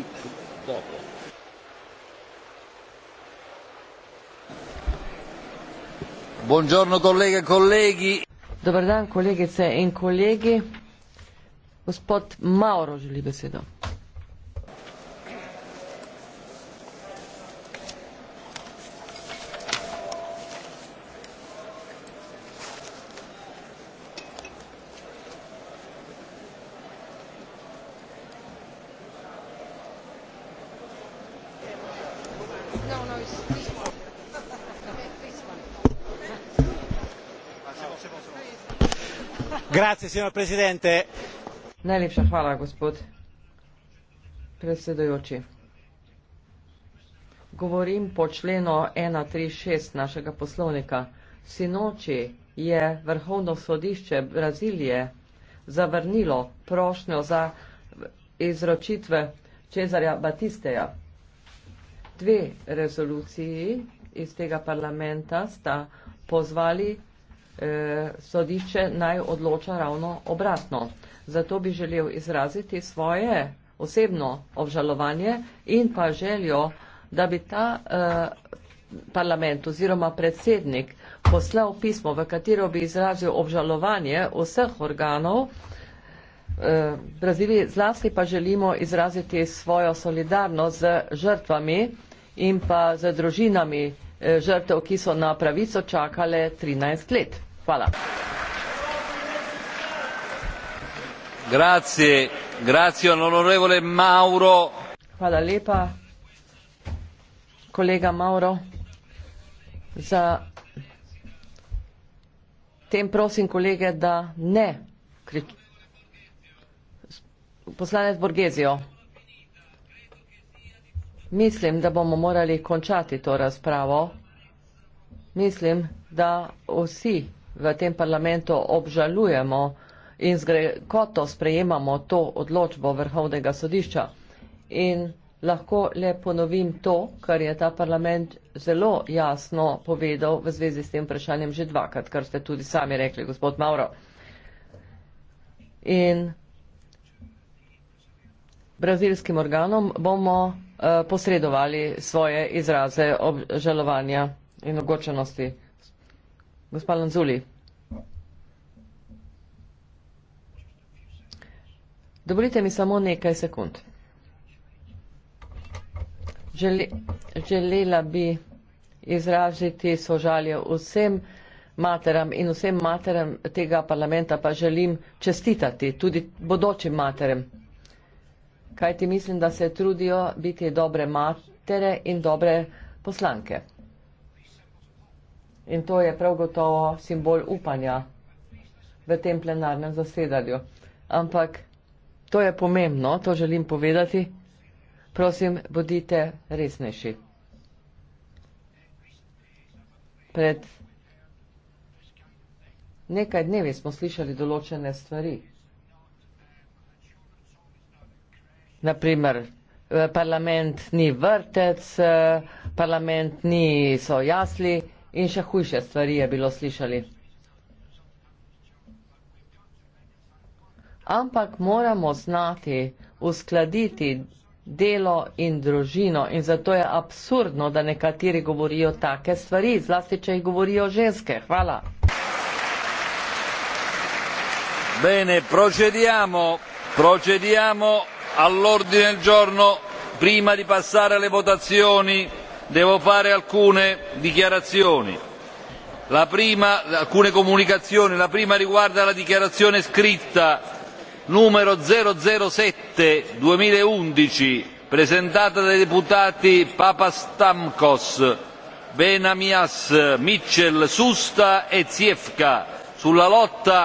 tri dopo. Buongiorno kolege in e colleghi. Dobar dan kolegice in kolegi. Gospod Mauro želi besedo. No, no, Grazie, signor Presidente. Najlepša hvala, gospod predsedujoči. Govorim po členu 136 našega poslovnika. Sinoči je Vrhovno sodišče Brazilije zavrnilo prošnjo za izročitve Čezarja Batisteja dve rezoluciji iz tega parlamenta sta pozvali eh, sodišče naj odloča ravno obratno. Zato bi želel izraziti svoje osebno obžalovanje in pa željo, da bi ta eh, parlament oziroma predsednik poslal pismo, v katero bi izrazil obžalovanje vseh organov, eh, Eh, Braziliji zlasti pa želimo izraziti svojo solidarnost z žrtvami in pa z družinami eh, žrtev, ki so na pravico čakale 13 let. Hvala. Grazie, grazie onorevole Mauro. Hvala lepa, kolega Mauro, za tem prosim kolege, da ne kričite. Poslanec Borgezijo, mislim, da bomo morali končati to razpravo. Mislim, da vsi v tem parlamentu obžalujemo in zgrekoto sprejemamo to odločbo Vrhovnega sodišča. In lahko le ponovim to, kar je ta parlament zelo jasno povedal v zvezi s tem vprašanjem že dvakrat, kar ste tudi sami rekli, gospod Mauro. In brazilskim organom, bomo eh, posredovali svoje izraze obžalovanja in ogočenosti. Gospod Lanzuli. Dovolite mi samo nekaj sekund. Želi, želela bi izraziti sožalje vsem materam in vsem materam tega parlamenta pa želim čestitati tudi bodočim materam kajti mislim, da se trudijo biti dobre matere in dobre poslanke. In to je prav gotovo simbol upanja v tem plenarnem zasedanju. Ampak to je pomembno, to želim povedati. Prosim, bodite resnejši. Pred nekaj dnevi smo slišali določene stvari. naprimer, eh, parlament ni vrtec, eh, parlament ni so jasli in še hujše stvari je bilo slišali. Ampak moramo znati uskladiti delo in družino in zato je absurdno, da nekateri govorijo take stvari, zlasti, če jih govorijo ženske. Hvala. Bene, procediamo, procediamo all'ordine del giorno prima di passare alle votazioni devo fare alcune dichiarazioni la prima, alcune comunicazioni la prima riguarda la dichiarazione scritta numero 007 2011 presentata dai deputati Papastamkos Benamias, Mitchell, Susta e Ziefka sulla lotta